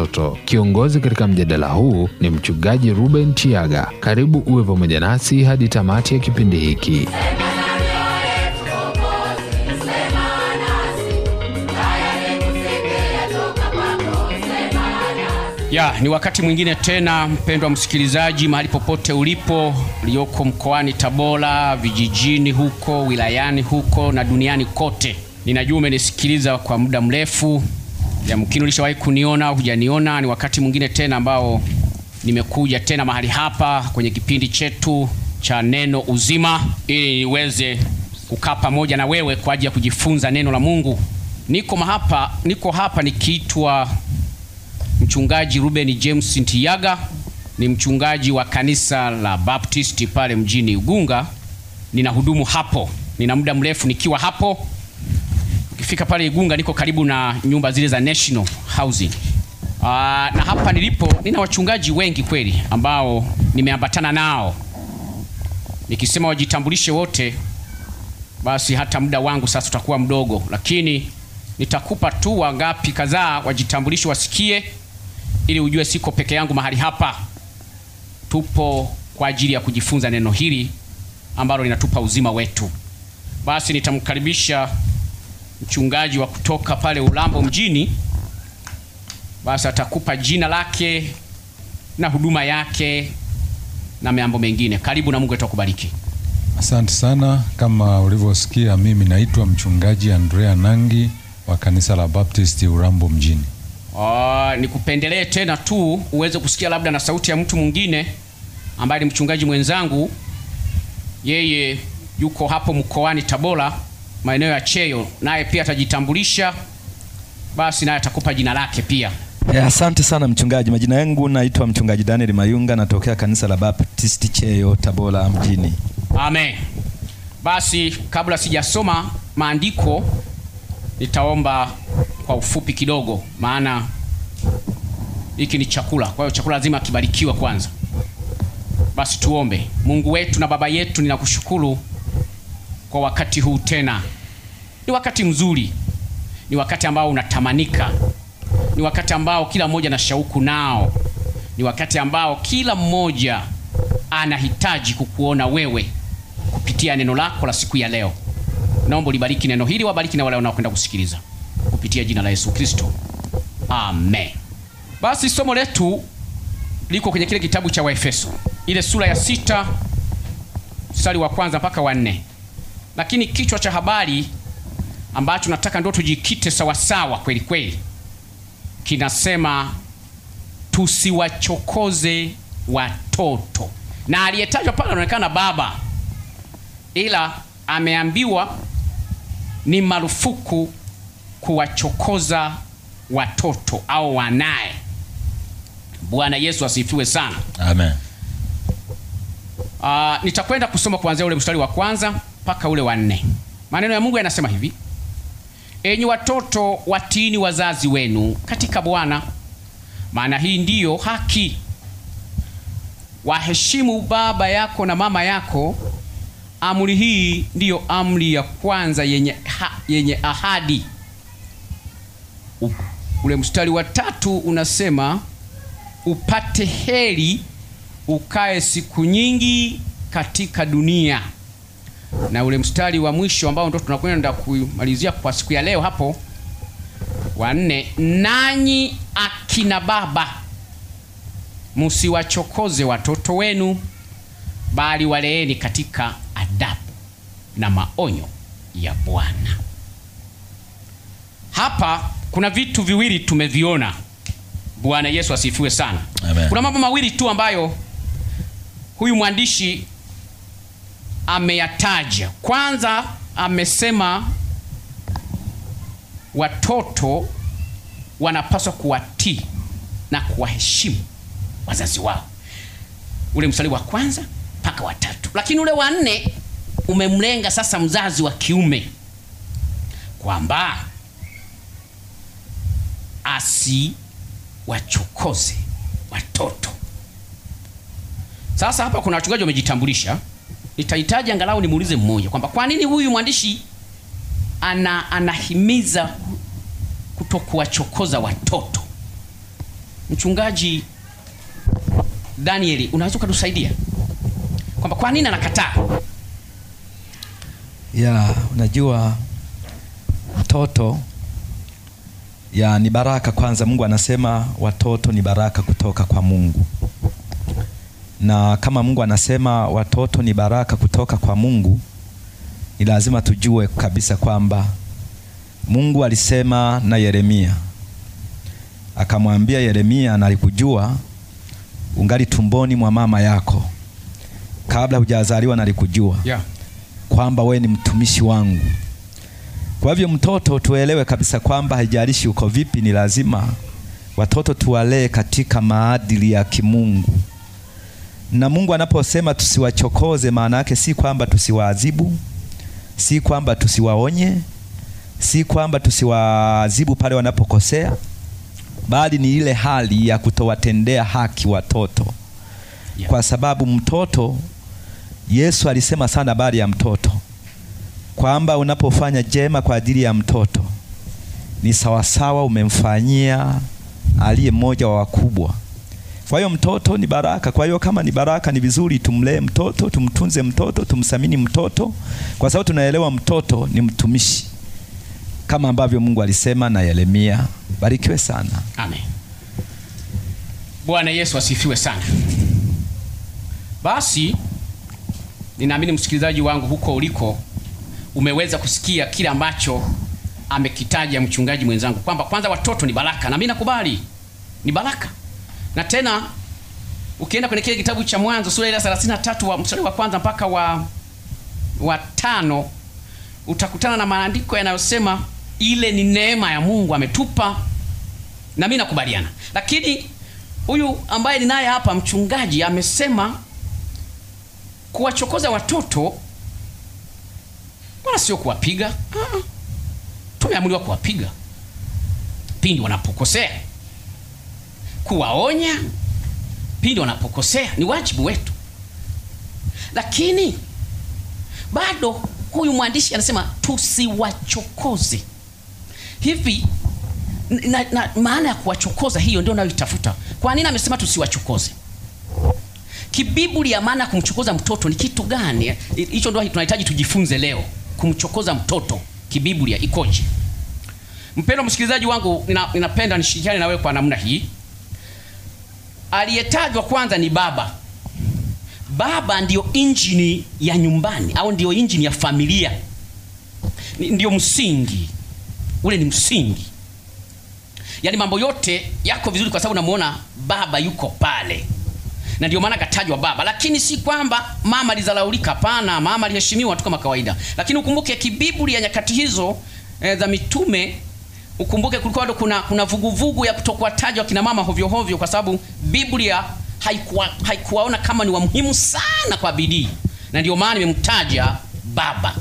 watoto. Kiongozi katika mjadala huu ni mchungaji Ruben Chiaga. Karibu uwe pamoja nasi hadi tamati ya kipindi hiki. Ya, ni wakati mwingine tena mpendwa msikilizaji, mahali popote ulipo, ulioko mkoani Tabora, vijijini huko, wilayani huko na duniani kote, ninajua umenisikiliza kwa muda mrefu yamkini ulishawahi kuniona au hujaniona, ni wakati mwingine tena ambao nimekuja tena mahali hapa kwenye kipindi chetu cha Neno Uzima ili niweze kukaa pamoja na wewe kwa ajili ya kujifunza neno la Mungu. Niko mahapa, niko hapa nikiitwa mchungaji Ruben James Ntiyaga, ni mchungaji wa kanisa la Baptisti pale mjini Ugunga. Ninahudumu hapo, nina muda mrefu nikiwa hapo Nikifika pale Igunga niko karibu na nyumba zile za National Housing. Aa, ah, na hapa nilipo nina wachungaji wengi kweli ambao nimeambatana nao. Nikisema wajitambulishe wote, basi hata muda wangu sasa utakuwa mdogo, lakini nitakupa tu wangapi kadhaa wajitambulishe, wasikie, ili ujue siko peke yangu mahali hapa. Tupo kwa ajili ya kujifunza neno hili ambalo linatupa uzima wetu. Basi nitamkaribisha mchungaji wa kutoka pale Ulambo mjini, basi atakupa jina lake na huduma yake na mambo mengine. Karibu na Mungu atakubariki. Asante sana. Kama ulivyosikia, mimi naitwa mchungaji Andrea Nangi wa kanisa la Baptisti Urambo mjini. Oh, nikupendelee tena tu uweze kusikia labda na sauti ya mtu mwingine ambaye ni mchungaji mwenzangu, yeye yuko hapo mkoani Tabora maeneo ya Cheyo, naye pia atajitambulisha, basi naye atakupa jina lake pia. Eh, asante sana mchungaji. Majina yangu naitwa mchungaji Daniel Mayunga, natokea kanisa la Baptisti Cheyo, Tabora mjini. Amen. Basi kabla sijasoma maandiko nitaomba kwa ufupi kidogo, maana hiki ni chakula, kwa hiyo chakula lazima kibarikiwe kwanza. Basi tuombe. Mungu wetu na Baba yetu, ninakushukuru kwa wakati huu tena. Ni wakati mzuri, ni wakati ambao unatamanika, ni wakati ambao kila mmoja na shauku nao, ni wakati ambao kila mmoja anahitaji kukuona wewe kupitia neno lako la siku ya leo. Naomba libariki neno hili, wabariki na wale wanaokwenda kusikiliza kupitia jina la Yesu Kristo, amen. Basi somo letu liko kwenye kile kitabu cha Waefeso, ile sura ya sita mstari wa kwanza mpaka wa nne. Lakini kichwa cha habari ambacho nataka ndio tujikite sawasawa kweli kweli kinasema tusiwachokoze watoto, na aliyetajwa pale anaonekana baba, ila ameambiwa ni marufuku kuwachokoza watoto au wanaye. Bwana Yesu asifiwe sana, amen. Uh, nitakwenda kusoma kuanzia ule mstari wa kwanza mpaka ule wa nne. Maneno ya Mungu yanasema hivi: enyi watoto watiini wazazi wenu katika Bwana, maana hii ndiyo haki. Waheshimu baba yako na mama yako. Amri hii ndiyo amri ya kwanza yenye, ha, yenye ahadi. Ule mstari wa tatu unasema upate heri ukae siku nyingi katika dunia na ule mstari wa mwisho ambao ndio tunakwenda kumalizia kwa siku ya leo hapo wa nne, nanyi akina baba msiwachokoze watoto wenu, bali waleeni katika adabu na maonyo ya Bwana. Hapa kuna vitu viwili tumeviona. Bwana Yesu asifiwe sana. Amen. Kuna mambo mawili tu ambayo huyu mwandishi ameyataja. Kwanza amesema watoto wanapaswa kuwatii na kuwaheshimu wazazi wao, ule mstari wa kwanza mpaka watatu. Lakini ule wa nne umemlenga sasa mzazi wa kiume kwamba asiwachokoze watoto. Sasa hapa kuna wachungaji wamejitambulisha nitahitaji angalau nimuulize mmoja kwamba kwa nini huyu mwandishi ana anahimiza kutokuwachokoza watoto. Mchungaji Danieli, unaweza ukatusaidia kwamba kwa nini anakataa? Ya, unajua watoto ya ni baraka kwanza. Mungu anasema watoto ni baraka kutoka kwa Mungu na kama Mungu anasema watoto ni baraka kutoka kwa Mungu, ni lazima tujue kabisa kwamba Mungu alisema na Yeremia, akamwambia Yeremia, nalikujua ungali tumboni mwa mama yako, kabla hujazaliwa nalikujua, yeah, kwamba we ni mtumishi wangu. Kwa hivyo mtoto, tuelewe kabisa kwamba haijalishi uko vipi, ni lazima watoto tuwalee katika maadili ya kimungu. Na Mungu anaposema tusiwachokoze, maana yake si kwamba tusiwaadhibu, si kwamba tusiwaonye, si kwamba tusiwaadhibu pale wanapokosea, bali ni ile hali ya kutowatendea haki watoto yeah. Kwa sababu mtoto, Yesu alisema sana habari ya mtoto kwamba unapofanya jema kwa ajili ya mtoto ni sawasawa umemfanyia aliye mmoja wa wakubwa. Kwa hiyo mtoto ni baraka. Kwa hiyo kama ni baraka, ni vizuri tumlee mtoto, tumtunze mtoto, tumsamini mtoto, kwa sababu tunaelewa mtoto ni mtumishi, kama ambavyo Mungu alisema na Yeremia. Barikiwe sana, amen. Bwana Yesu asifiwe sana. Basi ninaamini msikilizaji wangu huko uliko umeweza kusikia kile ambacho amekitaja mchungaji mwenzangu kwamba kwanza watoto ni baraka, na mimi nakubali ni baraka na tena ukienda kwenye kile kitabu cha Mwanzo sura ile ya 33 wa mstari wa kwanza mpaka wa wa tano utakutana na maandiko yanayosema ile ni neema ya Mungu ametupa, na mimi nakubaliana. Lakini huyu ambaye ninaye hapa mchungaji amesema kuwachokoza watoto wala sio kuwapiga. Ah, tumeamuliwa kuwapiga pindi wanapokosea kuwaonya pindi wanapokosea, ni wajibu wetu. Lakini bado huyu mwandishi anasema tusiwachokoze hivi na, na maana ya kuwachokoza hiyo ndio nayoitafuta. Kwa nini amesema tusiwachokoze? Kibiblia ya kumchokoza mtoto ni kitu gani? Hicho ndio tunahitaji tujifunze leo, kumchokoza mtoto kibiblia ikoje? Mpendwa msikilizaji wangu, ninapenda nina, nishirikiane na wewe kwa namna hii aliyetajwa kwanza ni baba. Baba ndiyo injini ya nyumbani au ndiyo injini ya familia, ndiyo msingi ule, ni msingi. Yaani mambo yote yako vizuri kwa sababu namuona baba yuko pale, na ndio maana katajwa baba. Lakini si kwamba mama alizalaulika, hapana. Mama aliheshimiwa tu kama kawaida, lakini ukumbuke kibiblia ya nyakati hizo e, za mitume Ukumbuke kulikuwa bado kuna kuna vuguvugu ya kutokuwataja kina mama hovyo hovyo, kwa sababu Biblia haikuwa, haikuwaona kama ni wamuhimu sana kwa bidii, na ndio maana nimemtaja baba.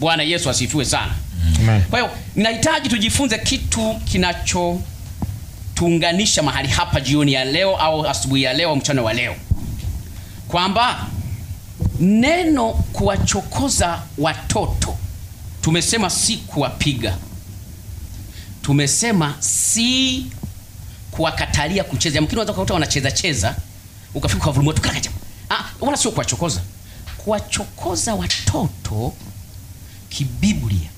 Bwana Yesu asifiwe sana. Amen. Kwa hiyo ninahitaji tujifunze kitu tuunganisha mahali hapa jioni ya leo au asubuhi ya leo mchana wa leo, kwamba neno kuwachokoza watoto tumesema si kuwapiga tumesema si kuwakatalia kucheza. Yamkini unaweza kukuta wanacheza cheza ukafika kwa vurumu jamu. Ah, wala sio kuwachokoza. Kuwachokoza watoto kibiblia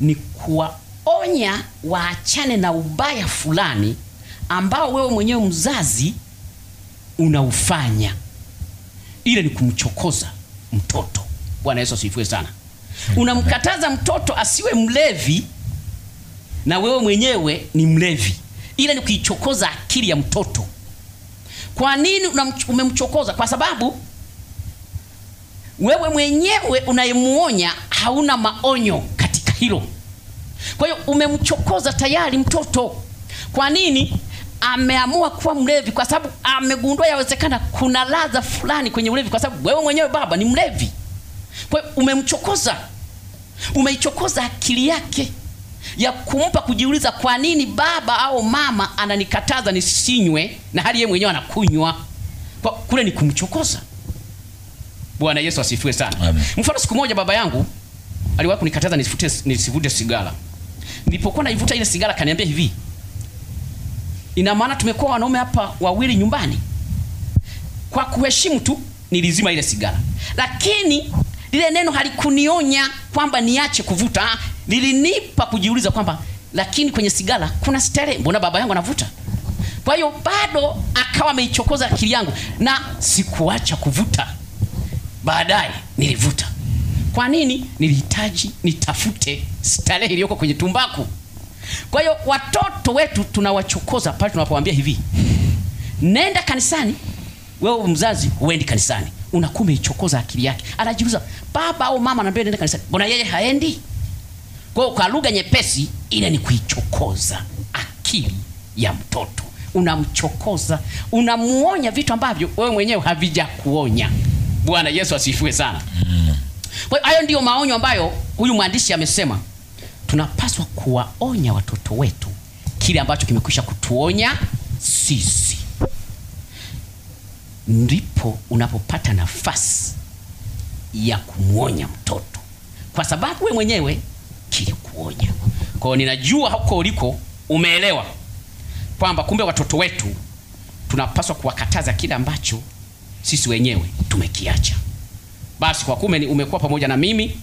ni kuwaonya waachane na ubaya fulani ambao wewe mwenyewe mzazi unaufanya. Ile ni kumchokoza mtoto. Bwana Yesu asifiwe sana. Unamkataza mtoto asiwe mlevi na wewe mwenyewe ni mlevi. ila ni kuichokoza akili ya mtoto. Kwa nini umemchokoza? Kwa sababu wewe mwenyewe unayemuonya hauna maonyo katika hilo. Kwa hiyo umemchokoza tayari mtoto. Kwa nini ameamua kuwa mlevi? Kwa sababu amegundua yawezekana kuna ladha fulani kwenye ulevi, kwa sababu wewe mwenyewe baba ni mlevi. Kwa hiyo umemchokoza, umeichokoza akili yake ya kumpa kujiuliza kwa nini baba au mama ananikataza nisinywe na hali yeye mwenyewe anakunywa. Kwa kule ni kumchokoza. Bwana Yesu asifiwe sana. Amen. Mfano, siku moja baba yangu aliwahi kunikataza nisifute nisivute sigara. Nilipokuwa naivuta ile sigara kaniambia hivi, ina maana tumekuwa wanaume hapa wawili nyumbani. Kwa kuheshimu tu nilizima ile sigara, lakini lile neno halikunionya kwamba niache kuvuta lilinipa kujiuliza kwamba lakini kwenye sigara kuna starehe, mbona baba yangu anavuta? Kwa hiyo bado akawa ameichokoza akili yangu, na sikuacha kuvuta. Baadaye nilivuta. Kwa nini? Nilihitaji nitafute starehe iliyoko kwenye tumbaku. Kwa hiyo watoto wetu tunawachokoza pale tunapowaambia hivi, nenda kanisani. Wewe mzazi huendi kanisani, unakuwa umeichokoza akili yake. Anajiuliza, baba au mama anambia nenda kanisani, mbona yeye haendi? Kwa hiyo kwa lugha nyepesi, ile ni kuichokoza akili ya mtoto, unamchokoza, unamuonya vitu ambavyo wewe mwenyewe havijakuonya. Bwana Yesu asifiwe sana. Kwa hiyo hayo ndiyo maonyo ambayo huyu mwandishi amesema tunapaswa kuwaonya watoto wetu kile ambacho kimekwisha kutuonya sisi. Ndipo unapopata nafasi ya kumwonya mtoto, kwa sababu we mwenyewe kuonya. Kwa ninajua huko uliko umeelewa kwamba kumbe watoto wetu tunapaswa kuwakataza kile ambacho sisi wenyewe tumekiacha. Basi kwa kume umekuwa pamoja na mimi,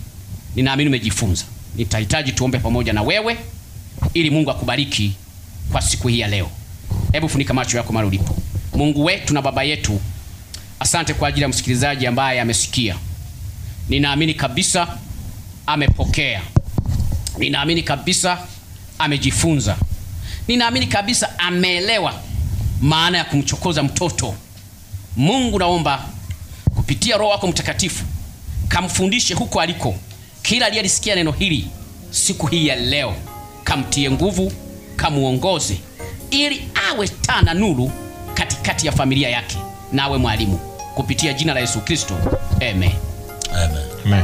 ninaamini umejifunza. Nitahitaji tuombe pamoja na wewe ili Mungu akubariki kwa siku hii ya leo. Hebu funika macho yako mara ulipo. Mungu wetu na Baba yetu, asante kwa ajili ya msikilizaji ambaye amesikia. Ninaamini kabisa amepokea ninaamini kabisa amejifunza, ninaamini kabisa ameelewa maana ya kumchokoza mtoto. Mungu, naomba kupitia Roho wako Mtakatifu kamfundishe huko aliko, kila aliyelisikia neno hili siku hii ya leo, kamtie nguvu, kamuongoze ili awe taa na nuru katikati ya familia yake, na awe mwalimu kupitia jina la Yesu Kristo, amen. Amen. Amen.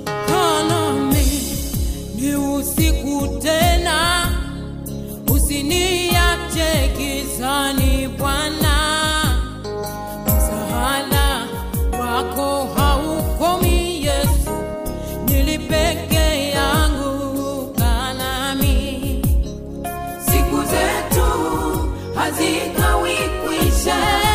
we shared?